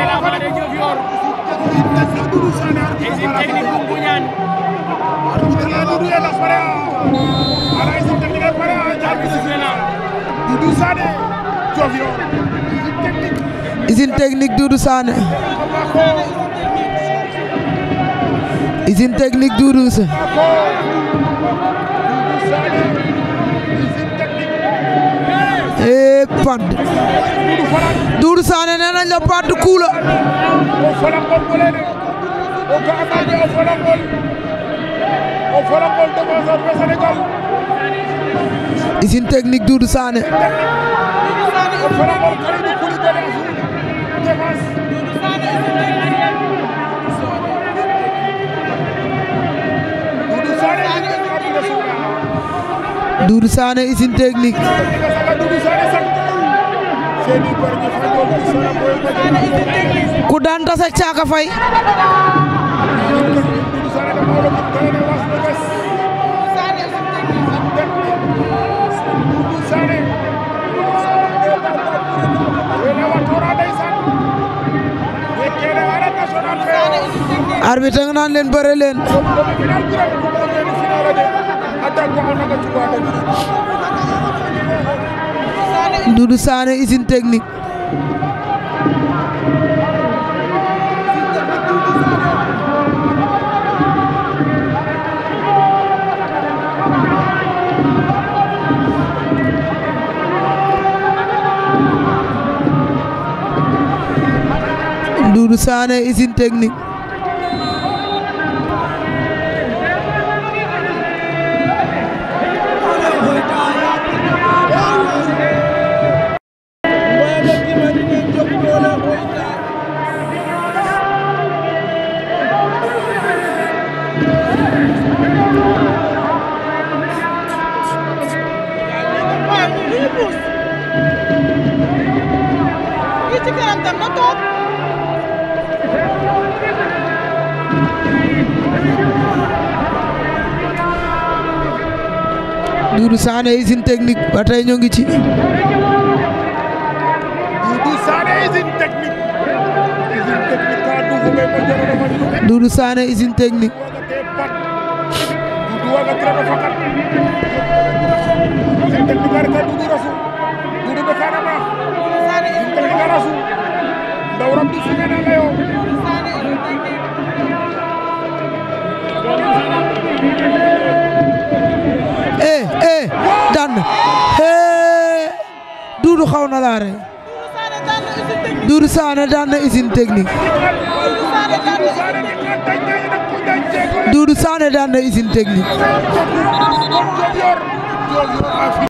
Fela Fana Diofior usine technique bu Ngoundiane wala usine technique a pare a jaar bi sifflé na Doudou Sané Diofior usine technique Doudou Sané usine technique Doudou Sané ee eh, pant Doudou Sané ne nañ la baatu kuu la o falangol golene o ga'anaaje o falangol o falangol défenseur fe Sénégal usine technique Doudou Sané o falangol Kalidou Koulibaly défense Doudou Sané Doudou Sané usine technique ku daan tase caaka fay arbitre naan leen bëre leen Doudou Sané usine technique Doudou Sané usine technique puus ngi ci kanam technique ba tey ñoo ngi ci Doudou Sané usine technique usine technique ka technique rabbi eh, sinenalayo eh, daan na eh Doudou xaw na laare Doudou Sané daan na usine technique technique